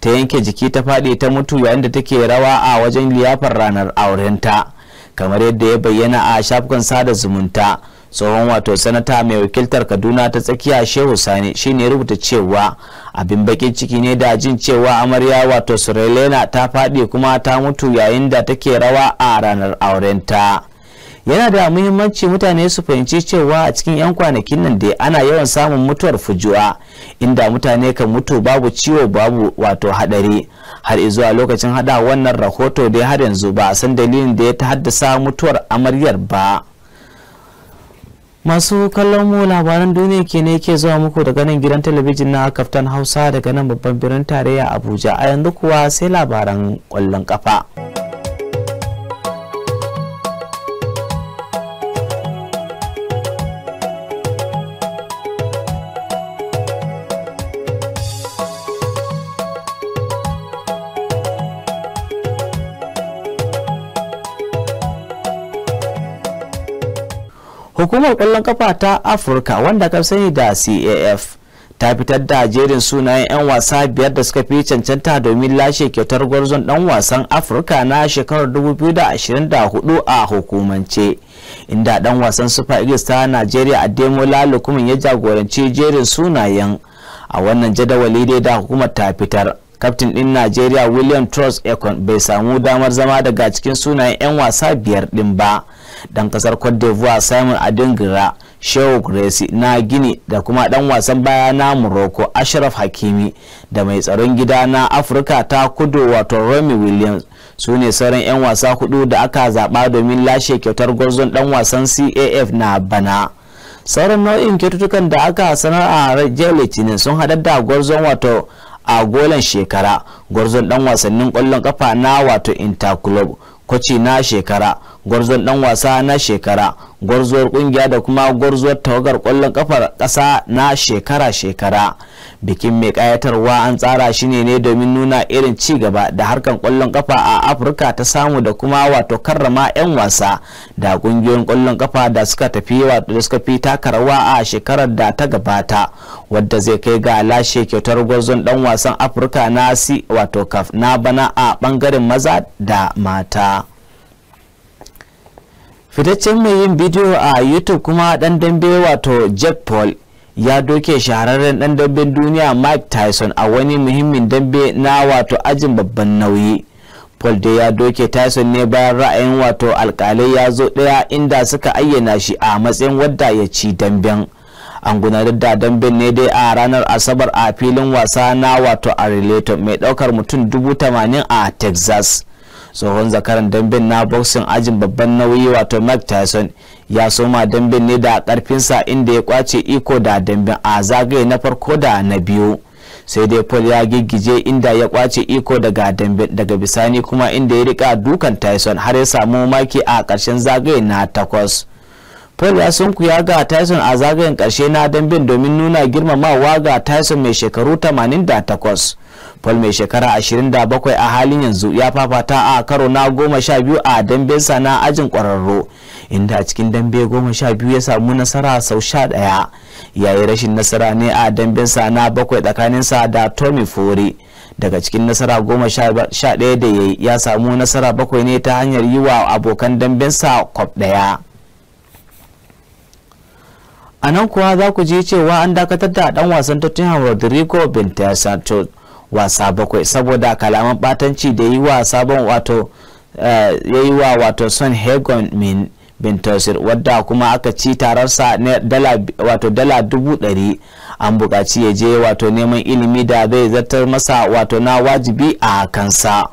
S1: ta yanke jiki ta faɗi ta mutu yayin da take rawa a wajen liyafar ranar aurenta kamar yadda ya bayyana a shafukan sada zumunta tsohon wato sanata mai wakiltar kaduna ta tsakiya shehu sani shine rubuta cewa abin bakin ciki ne da jin cewa amarya wato surelena ta faɗi kuma ta mutu yayin da take rawa a ranar aurenta yana da muhimmanci mutane su fahimci cewa a cikin 'yan kwanakin nan da ana yawan samun mutuwar fujuwa inda mutane kan mutu babu ciwo babu wato hadari har zuwa lokacin hada wannan rahoto dai har yanzu ba san dalilin da ya ta haddasa mutuwar amaryar ba masu kallon mu labaran duniya ke ne ke zuwa muku daga nan gidan talabijin na kaftan hausa daga nan babban birnin tarayya abuja a yanzu kuwa sai labaran kwallon kafa. hukumar kwallon kafa ta afirka wanda ka sani da caf ta fitar da jerin sunayen 'yan wasa biyar da suka fi cancanta domin lashe kyautar gwarzon dan wasan afirka na shekarar 2024 a hukumance inda dan wasan super eagles ta nigeria ademola lukumin ya jagoranci jerin sunayen a wannan jadawali dai da hukumar ta fitar kaftin ɗin najeriya william trust ekon bai samu damar zama daga cikin sunayen 'yan wasa biyar ɗin ba dan kasar cote d'ivoire simon adingira shehu gracie na gini da kuma dan wasan baya na morocco ashraf hakimi da mai tsaron gida na afirka ta kudu wato romy williams su ne sauran 'yan wasa hudu da aka zaba domin lashe kyautar gwarzon dan wasan caf na bana sauran nau'in kyaututtukan da aka sanar a jiya litinin sun haɗar da gwarzon wato a golan shekara gwarzon dan wasannin kwallon kafa na wato inter club kwaci na shekara gwarzon dan wasa na shekara gwarzuwar kungiya da kuma gwarzuwar tawagar kwallon kafar ƙasa na shekara-shekara bikin mai kayatarwa an tsara shi ne ne domin nuna irin ci gaba da harkan kwallon kafa a afirka ta samu da kuma wato karrama 'yan wasa da kungiyoyin kwallon kafa da suka tafi wato da suka fi taka rawa a shekarar da ta gabata wadda zai kai ga lashe kyautar gwarzon dan wasan afirka na si wato kaf na bana a bangaren maza da mata. fitaccen mai yin bidiyo a youtube kuma dan dambe wato jack paul ya doke shahararren dan damben duniya mike tyson a wani muhimmin dambe na wato ajin babban nauyi paul da ya doke tyson ne bayan ra'ayin wato alkalai ya zo daya inda suka ayyana shi a matsayin wadda ya ci damben an gudanar da damben ne dai a ranar asabar a filin wasa na wato a mai daukar mutum dubu tamanin a texas tsohon zakaran dambin na boxing ajin babban nauyi wato mike tyson ya soma dambin ne da karfinsa inda ya kwace iko da dambin a zagaye na farko da na biyu sai dai paul ya giggije inda ya kwace iko daga dambin daga bisani kuma inda ya rika dukan tyson har ya samu maki a karshen zagaye na takwas Paul ya sunkuya ga Tyson a zagayen karshe na dambin domin nuna girmamawa ga Tyson mai shekaru 88. paul mai shekara 27 a halin yanzu ya fafata a karo na 12 a dambe na ajin kwararro inda a cikin dambe goma 12 ya samu nasara sau 11 yayi rashin nasara ne a damben na bakwai tsakaninsa da tommy fori daga cikin nasara goma sha daya da ya ya samu nasara bakwai ne ta hanyar yi wa abokan dambensa kwab ɗaya a nan kuwa za ku ji cewa an dakatar da ɗan wasan tottenham rodrigo benitez wasa bakwai saboda kalaman batanci da yi wa sabon wato eh, ya yi wa wato son hegon min bin tausir wadda kuma aka ci tararsa wato dala dubu ɗari an bukaci ya je wato neman ilimi da zai zartar masa wato na wajibi a kansa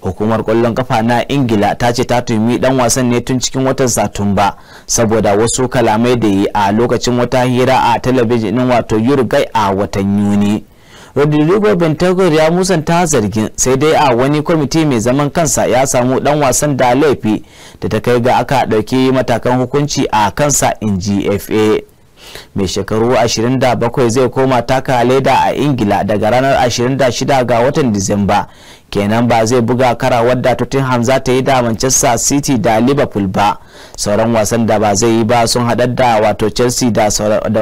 S1: hukumar kwallon kafa na ingila ta ce ta tumi dan wasan ne tun cikin watan satumba saboda wasu kalamai da yi a lokacin wata hira a talabijin wato yurgai a watan yuni rodrigo bentancur ya musanta zargin sai dai a wani kwamiti mai zaman kansa ya samu dan wasan da laifi da ta kai ga aka ɗauki matakan hukunci a kansa in gfa mai shekaru 27 zai koma taka leda a ingila daga ranar 26 ga watan disamba kenan ba zai buga kara wadda tottenham za ta yi da manchester city da liverpool ba sauran wasan da ba zai yi ba sun haɗar da wato chelsea da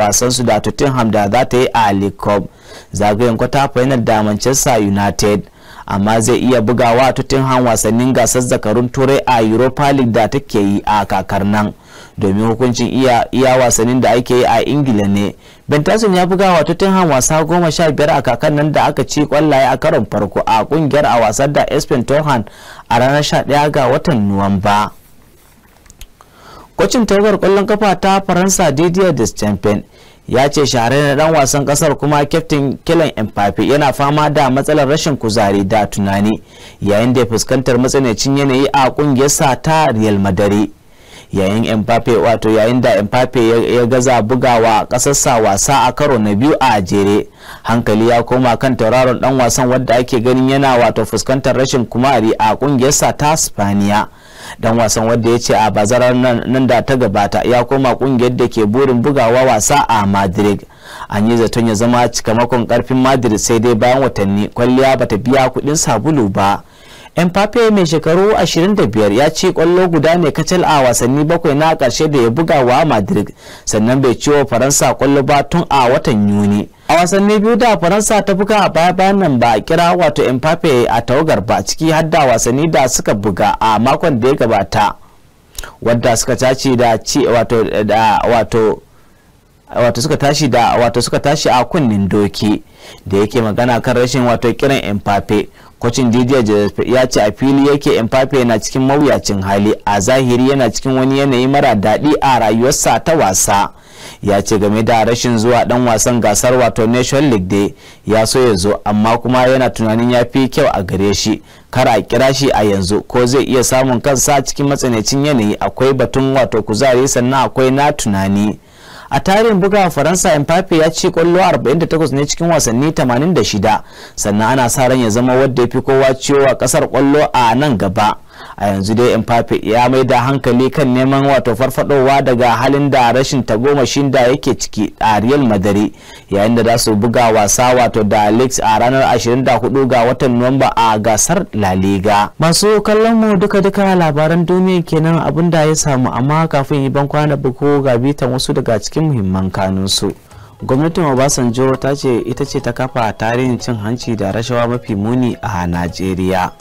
S1: wasan su da tottenham da za ta yi a league cup zagayen kwata final da manchester united amma zai iya bugawa tottenham wasannin gasar zakarun turai a europa league da take yi a kakar nan domin hukuncin iya wasannin da ake yi a ingila ne Bentancin ya buga wa Tottenham wasa goma sha biyar a kakan nan da aka ci kwallaye a karon farko a kungiyar a wasan da Espen Tohan a ranar sha 11 ga watan Nuwamba. Kwacin tawagar kwallon kafa ta Faransa Didier Deschamps ya ce shahararren dan wasan kasar kuma kyaftin kilan mbappe yana fama da matsalar rashin kuzari da tunani yayin da ya fuskantar matsanancin yanayi a kungiyarsa ta real madari yayin mbappe wato yayin da mbappe ya gaza bugawa kasarsa wasa a karo na biyu a jere hankali ya koma kan tauraron dan wasan wadda ake ganin yana wato fuskantar rashin kumari a kungiyarsa ta spaniya dan wasan wadda ya ce a bazarar nan da ta gabata ya koma kungiyar da ke burin bugawa wasa a madrid an yi zaton ya zama cikamakon karfin madrid sai dai bayan watanni kwalliya bata biya kudin sabulu ba mpape mai shekaru 25 ya ce kwallo guda ne kacal a wasanni bakwai na karshe da ya buga wa Madrid sannan bai ciwo Faransa kwallo ba tun a watan Yuni. a wasanni biyu da faransa ta buga a baya bayan nan ba a kira wato mpape a tawagar ba ciki har da wasanni da suka buga a makon da ya gabata wadda suka tashi da ci wato wato suka tashi da wato suka tashi a kunnin doki da yake magana kan rashin wato kiran mpape kwacin da ya ce a fili yake mbappe yana cikin mawuyacin hali a zahiri yana cikin wani yanayi mara daɗi a rayuwarsa ta wasa ya ce game da rashin zuwa dan wasan gasar wato nation league day ya so ya zo amma kuma yana tunanin ya fi kyau a gare shi kar a kira shi a yanzu ko zai iya samun kansa cikin matsanancin yanayi akwai batun wato kuzari sannan akwai na tunani a tarihin buga faransa mbappe ya ce kwallo 48 ne cikin wasanni 86 sannan ana sa ran ya zama wadda ya fi kowa cewa kasar kwallo a nan gaba a yanzu dai Mbappe ya mai da hankali kan neman wato farfadowa daga halin da rashin tagomashin da yake ciki a Real Madrid yayin da za su buga wasa wato da Leeds a ranar 24 ga watan Nuwamba a gasar La Liga. Masu kallon mu duka-duka labaran duniya kenan abin da ya samu amma kafin yi ban kwana buku ga bitan wasu daga cikin muhimman kanunsu. gwamnatin obasanjo ta ce ita ce ta kafa tarihin cin hanci da rashawa mafi muni a najeriya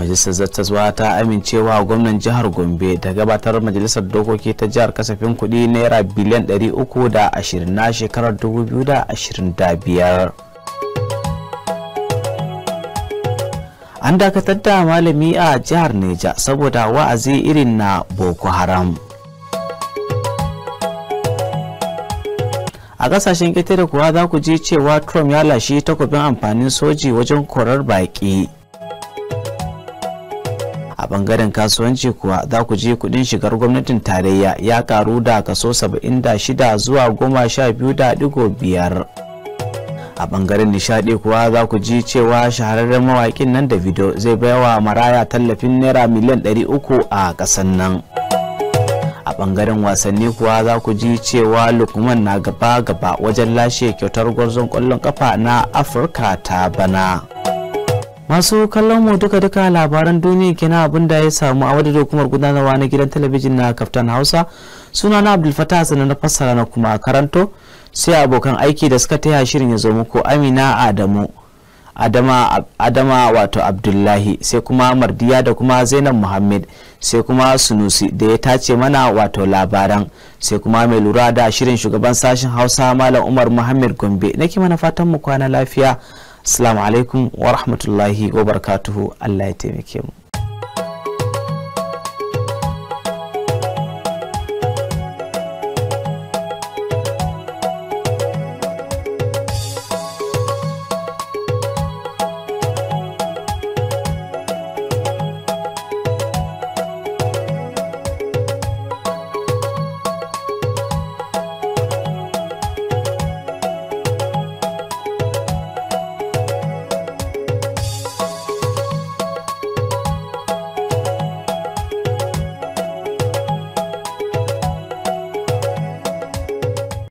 S1: majalisar zuwa ta amincewa gwamnan jihar gombe da gabatar majalisar dokoki ta jihar kasafin kudi naira biliyan 320 na shekarar 2025 an dakatar da malami a jihar neja saboda wa'azi irin na boko haram a kasashen ƙetare kuwa za ku ji cewa trump ya lashe takobin amfanin soji wajen korar baƙi a bangaren kasuwanci kuwa za ku je kudin shigar gwamnatin tarayya ya karu da kaso 76 zuwa 12.5 a bangaren nishadi kuwa za ku ji cewa shahararren mawakin nan da video zai baiwa maraya tallafin naira miliyan 300 a kasan nan a bangaren wasanni kuwa za ku ji cewa lukman na gaba-gaba wajen lashe kyautar gwarzon kwallon kafa na afirka ta bana. masu kallon mu duka duka labaran duniya kenan abin da ya samu a wadda hukumar gudanarwa na gidan talabijin na kaftan hausa suna na abdul fatah na fassara na kuma karanto sai abokan aiki da suka taya shirin ya zo muku amina adamu adama adama wato abdullahi sai kuma mardiya da kuma zainab muhammad sai kuma sunusi da ya tace mana wato labaran sai kuma mai lura da shirin shugaban sashen hausa malam umar muhammad gombe nake mana fatan mu kwana lafiya assalamu alaikum wa rahmatullahi wa barakatuhu allah ya taimake mu